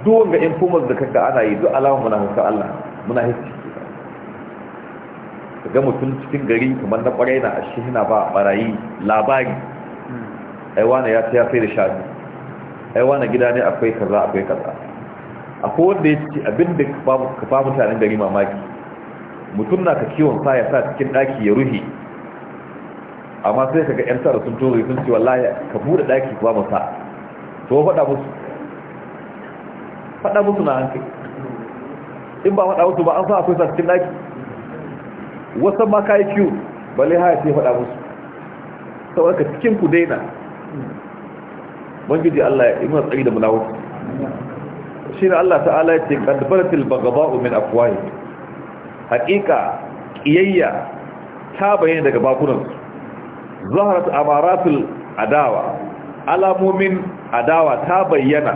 duk ga infomas da kanka ana yi duk alama muna hukar Allah muna hisci ga mutum cikin gari kamar na ƙwarai na ashe yana ba ɓarayi labari hmm. aiwana ya ta yafe sai da aiwa aiwana gida ne akwai kaza akwai kaza akwai wanda ya ce abin da ka ba mutanen gari mamaki mutum na ka kiwon sa ya sa cikin daki ya ruhi amma sai ka ga 'yan tsara sun tori sun ce wallahi ka buɗe daki ba mu sa to faɗa musu faɗa musu na hankali in ba faɗa musu ba an sa akwai cikin ɗaki wasan ma kayi kiwo balle haya sai faɗa musu saboda cikin ku daina bangiji Allah ya yi mana tsari da munawuci shi ne Allah ta'ala ya ce kadbaratil bagaba'u min afwahi haƙiƙa ƙiyayya ta bayyana daga bakunansu zaharat amaratul adawa alamomin adawa ta bayyana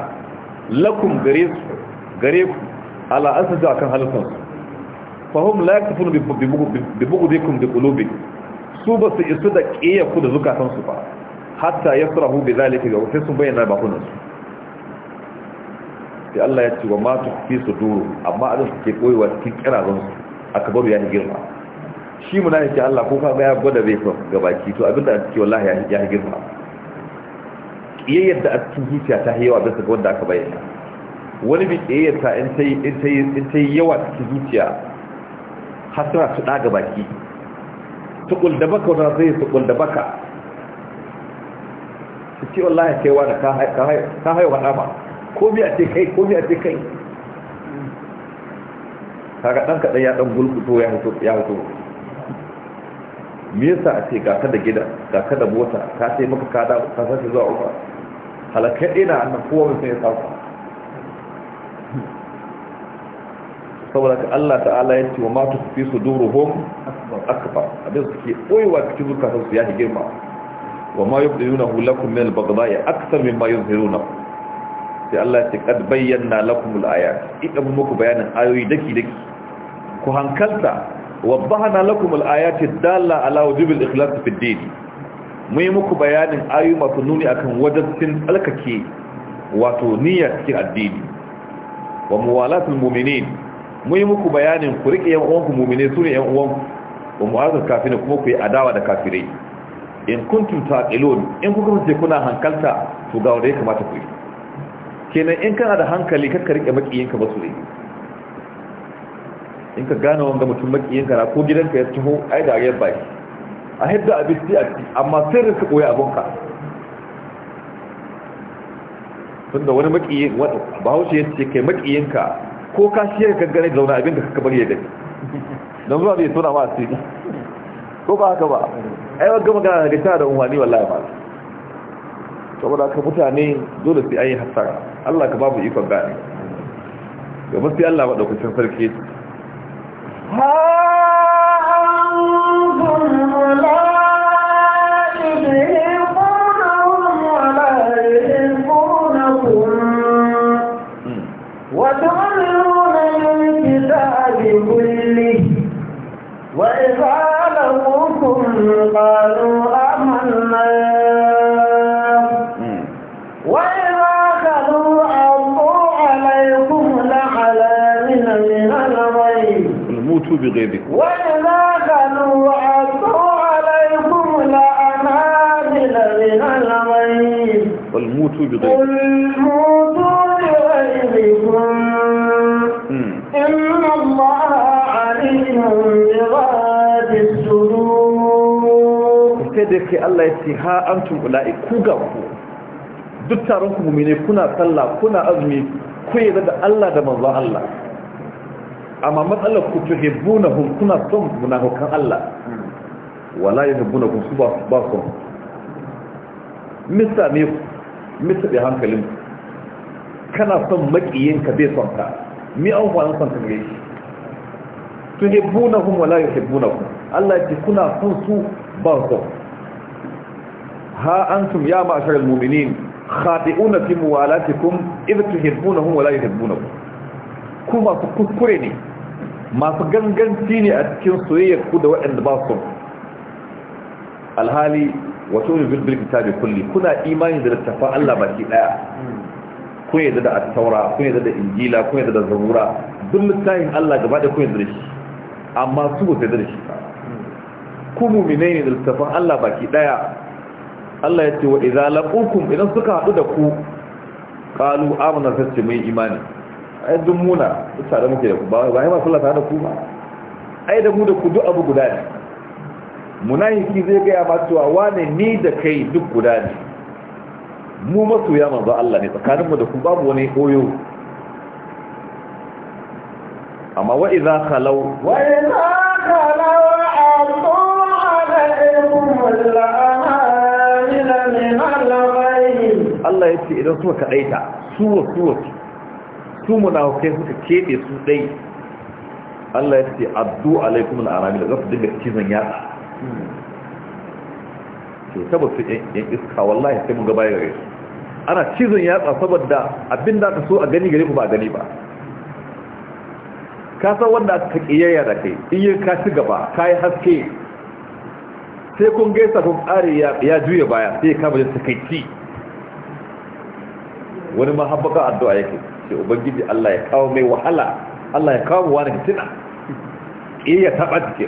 lakum gare su gare ku ala asasi akan kan su fahim laifin yakfun bi bughdikum bi qulubi su ba su isu da ƙiyar ku da zukatansu ba hatta surahu bi zalika ga sai sun bayyana ba da su sai Allah ya ce wa ma su duru amma zai ke koyewa cikin kirazan su akabaru ya girma shi yake Allah ko kaga ya gwada bai fa gabaki to abinda ake wallahi ya girma ƙiyayyar da a cikin zuciya ta yi yawa bisa ga wanda aka bayyana wani bi ƙiyayyar ta in ta yi yawa cikin zuciya hasira su ɗaga baki tukul da baka wani zai tukul da baka su ce wallahi kai wani ka haiwa ɗama ko biya ce kai ko biya ce kai kaga ɗan kaɗan ya ɗan gulkuto ya hito me yasa a ce ga ka da gida ga ka da mota ka sai maka ka ka sace zuwa uba halakar ina annan kowa sai ya samu saboda ka Allah ta'ala ya ce wa ma tufi suduruhum akbar abin su ke koyewa cikin zukatan su ya fi girma wa ma mil ya aksar min ma baghdai akthar mimma sai Allah ya ce kad bayyana lakum al Ita idan muku bayanin ayoyi daki daki ku hankalta wa bahana lakum al ce dalla ala wujub al-ikhlas fi ad mai yi muku bayanin ayu masu nuni akan wajassin alkake wato niyya cikin addini wa muwalatul mu'minin mai yi muku bayanin ku rike yan uwanku mu'mine su ne yan uwanku wa muwalatul kafirin kuma ku yi adawa da kafirai in kuntum taqilun in kuka ce kuna hankalta to ga wanda ya kamata ku yi kenan in kana da hankali kakka rike makiyinka ba su ne in ka gane wanda mutum makiyinka na ko gidanka ya taho ai da ya bai a hidda abinci a ci amma sai ka koya abinka tun da wani makiyin bahaushe ya ce kai yinka ko ka shi ka gane zaune abin da kaka bari ya gani don zuwa bai tona ma asiri ko ba haka ba A yi wagga magana da ta da umarni wallahi ma saboda ka mutane dole sai yi hasara Allah ka babu ikon gane ga sai Allah maɗaukacin sarki ha ce ha antum ula'i ku ga ku duk taron ku mu'mine kuna sallah kuna azumi ku yarda da Allah da manzo Allah amma matsalar ku tuhibbunahum kuna son kan Allah wala yuhibbunakum su ba ba ku mista me mista bi hankalin kana son makiyin ka bai son ka mi an wani son ka gare shi tuhibbunahum wala yuhibbunakum Allah ya ce kuna son su ba ku ha an antum ya ma'asharal mu'minin khati'una fi muwalatikum idh tuhibbunahum wa la yuhibbunakum ku masu kuskure ne masu ganganci ne a cikin soyayyar ku da waɗanda ba su alhali wato ne bilbil kitabi kulli kuna imani da littafin Allah baki daya Ku yadda da at-taura kun yadda da injila ku yadda da zabura duk littafin Allah gaba da ku yadda da shi amma su ba su da shi ku mu'minai ne da littafin Allah baki daya Allah ya ce wa idza laqukum idan suka hadu da ku qalu amanna sai mai imani ai dun muna da muke da ku ba ba ma sallata tare da ku ba ai da mu da ku duk abu guda ne munafiki zai ga ya matuwa wane ni da kai duk guda ne mu masoya manzo Allah ne tsakanin mu da ku babu wani koyo amma wa idza khalau wa idza khalau Allah ya ce idan suka kaɗaita su wa su munafukai suka keɓe su ɗai Allah ya ce addu alaikum al'arami da zafi dinga cizon yatsa to su yan iska wallahi sai mun gaba gare su ana cizon yatsa saboda abin da ka so a gani gare ku ba gani ba ka san wanda aka kiyayya da kai in yi ka ci gaba ka yi haske sai kun gaisa kun ƙari ya juya baya sai ka bajin takaici wani ma habbaka addu'a yake sai ubangiji Allah ya kawo mai wahala Allah ya kawo wani fitina iya taba jike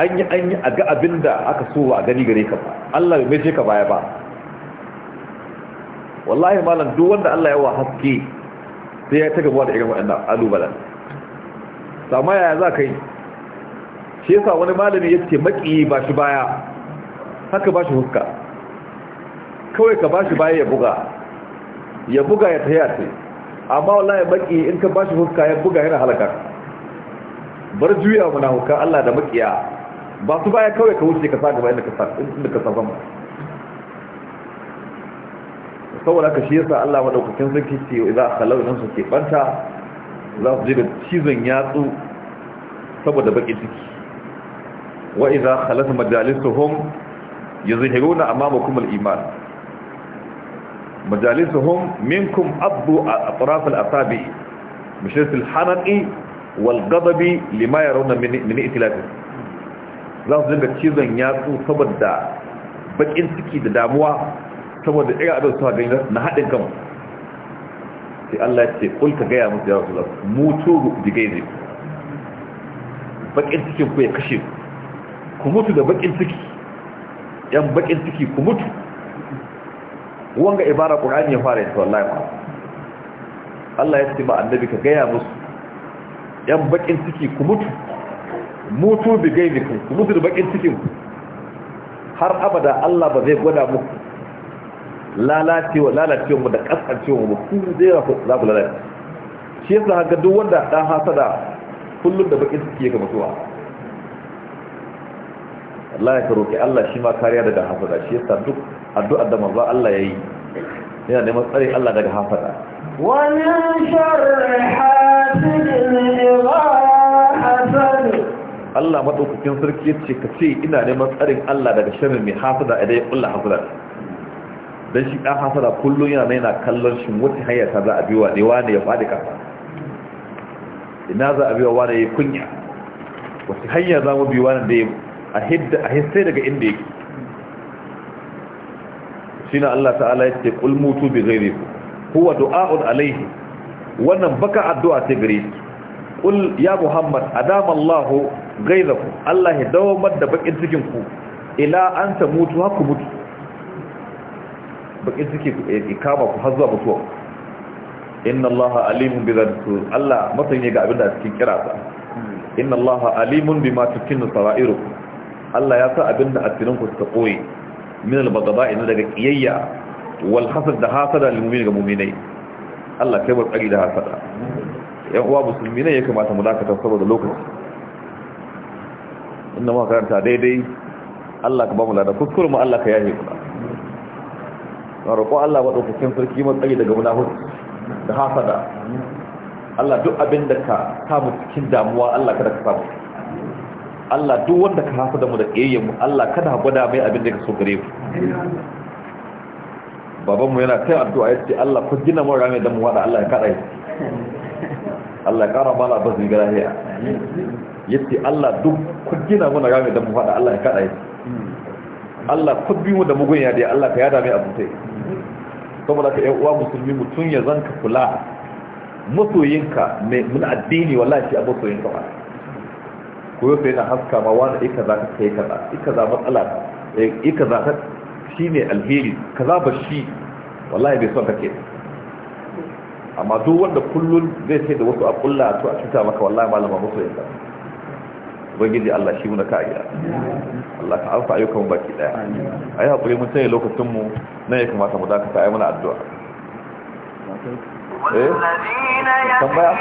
an yi an yi a ga abin da aka so a gani gare ka ba Allah bai mai ka baya ba wallahi malam duk wanda Allah ya wa haske sai ya ta gaba da irin waɗannan alubalen sama yaya za ka yi shi yasa wani malami ya ce maƙiyi ba shi baya haka ba shi huska kawai ka ba shi baya ya buga ya buga ya ta sai amma wallahi baki in ka bashi hukka ya buga yana halaka bar juya muna hukka Allah da makiya ba su baya kawai ka wuce ka sa gaba inda ka sa inda ka sa zama saboda ka shi yasa Allah madaukakin zaki ce idan khalau nan su ke banta za su je da cizon yatsu saboda baki ciki wa idan khalat majalisuhum yuzhiruna amamakum al-iman majalisuhum minkum abdu a al-asabi mishirat al-hanaqi wal ghadabi lima yarawna min itilaf za su dinga cizon yatsu saboda bakin ciki da damuwa saboda irin abin su gani na haɗin kan sai Allah ya ce kul ka gaya musu ya rasulullah mutu digaizi bakin cikin ya kashe ku mutu da bakin ciki yan bakin ciki ku mutu wanga ibara qur'ani ya fara ita wallahi ma Allah ya ce ba annabi ka gaya musu yan bakin ciki ku mutu mutu bi gaibikum ku mutu da bakin cikin ku har abada Allah ba zai gwada muku lalacewa lalacewa da kasancewa mu ku zai rafu za ku lalace shi yasa ga duk wanda dan hasada kullum da bakin ciki ya ga mutuwa Allah ya roki Allah shi ma kariya daga hafada shi yasa duk addu'ar da manzo Allah yayi yana neman tsare Allah daga hafada wa min sharri hasidin idha hasad Allah madaukakin sarki yace ka ce ina neman tsarin Allah daga sharrin mai hafada idan ya kulla hafada dan shi dan hafada kullu yana yana kallon shi wata hanya ta za a biwa ne wani ya fadi kafa ina za a biwa wani ya kunya wata hanya za mu biwa wani da a hissai daga inda yake shi na Allah ta'ala ya ce ƙulmutu bi gaire ku huwa du'a'un alaihi wannan baka addu'a ce gare shi ƙul ya muhammad adama allahu gaira ku Allah ya dawamar da bakin cikin ku ila an ta mutu ku mutu bakin cikin ku ya eh, kama ku har zuwa mutuwa inna Allah alimun bi zalikum Allah masani ga abin da cikin kirasa inna Allah alimun bima tukinnu sara'irukum Allah ya sa abinda asirin ku suka koyi min al-baghdha daga kiyayya wal hasad da hasada lil mu'minin ga mu'minai Allah kai barkari da hasada yan uwa musulmi ne ya kamata mu dakata saboda lokaci inna ma karanta daidai Allah ka ba mu ladan kuskure mu Allah ka yahe mu na roƙo Allah ba dokokin sarki tsari daga munafiki da hasada Allah duk abin da ka samu cikin damuwa Allah kada ka samu Allah duk wanda ka hafa da mu da ƙiyayyar mu Allah kada gwada mai abin da ka so gare mu babanmu yana kai addu'a ya ce Allah ku gina mu rami da mu wada Allah ya kada yi Allah ya kara mala bazin garahiya yace Allah duk ku gina mu rami da mu wada Allah ya kada yi Allah ku bi mu da mugun ya dai Allah ka yada mai abutai saboda ka ƴan uwa musulmi mutun ya zanka kula masoyinka mai mun addini wallahi abosoyinka ba ko sai na haska ma wani ika eh, za ka kai kaza ika eh, za matsala ika eh, za ka shi ne alheri kaza ba shi wallahi bai son kake amma duk wanda kullum zai sai da wasu a kulla a a cuta maka wallahi malama musu yadda ubangiji Allah shi muna kariya Allah ka amfa ayyukan baki daya ayi hakuri mun sanya lokacin mu na ya kamata mu dakata ayi mana addu'a eh tambaya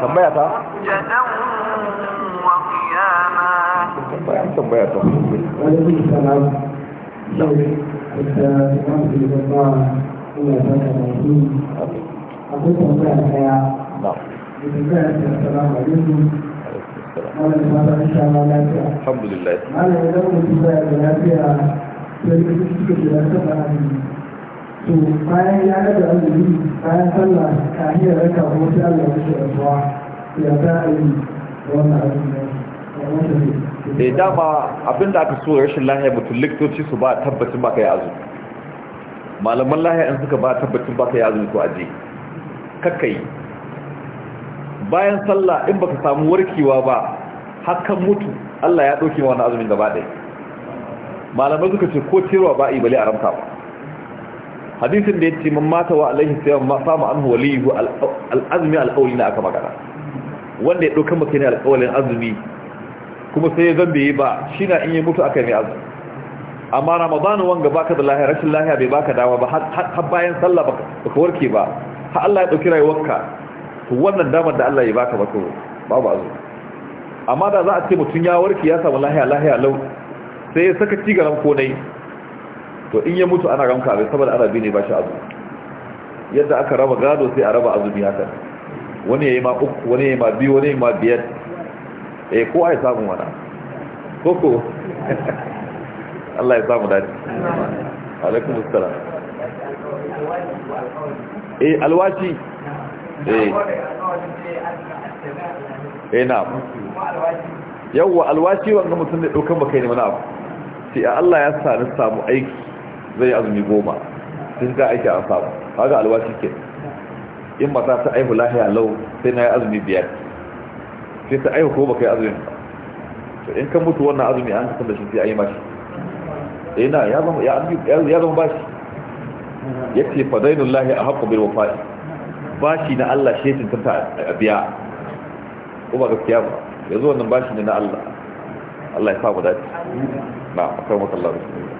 tambaya ta tambaya tambaya ta akwai tambaya daya da tambaya ta salamu alaikum الحمد لله. to bayan ya daga azumi bayan sallah ka hanyar raka ko sai Allah ya rasuwa ya za yi wannan azumi da eh, dama abinda aka so rashin lahiya mutum likitoci su ba tabbacin baka ya azumi malaman lahiya in suka ba tabbacin baka ya azumi to aje kakkai bayan sallah in baka samu warkewa ba hakan mutu Allah ya dauke wa wani azumin gaba ɗaya malamai suka ce ko tirwa ba a yi bale a ramta ba hadisin da ya ce man mata wa alaihi salam ma samu anhu waliyuhu al'azmi alƙawli na aka magana wanda ya ɗauka maka ne alƙawalin azumi kuma sai ya zambe yi ba shi na in yi mutu aka ne azumi amma ramadanu wanga baka da lahiya rashin lahiya bai baka dama ba har bayan sallah baka warke ba har Allah ya ɗauki rayuwarka to wannan damar da Allah ya baka ba to babu azumi amma da za a ce mutum ya warke ya samu lahiya lahiya lau sai ya saka cigaran ko to in ya mutu ana ramka abin saboda arabi ne ba shi abu yadda aka raba gado sai a raba azumi haka wani ya yi ma uku wani ya yi ma biyu wani ya yi ma biyar eh ko ai samu wana koko Allah ya samu dadi alaikum assalam eh alwashi eh eh na yawwa alwashi wanda mutum da dokan baka ne wani abu sai Allah ya sani samu aiki zai azumi goma sun ga aiki an samu haka alwashi ke in mata ta aihu lahiya lau sai na yi azumi biyar sai ta aihu ko baka yi azumi to in kan mutu wannan azumi an kasan da shi sai a yi mashi ina eh, ya zama bashi ya ce fadainun lahiya a haƙƙo bil wafa'i bashi na Allah shi tantanta a biya ko ba gaskiya ba yanzu wannan bashi ne na Allah Allah ya sa mu dace na akwai matsalar rasulullah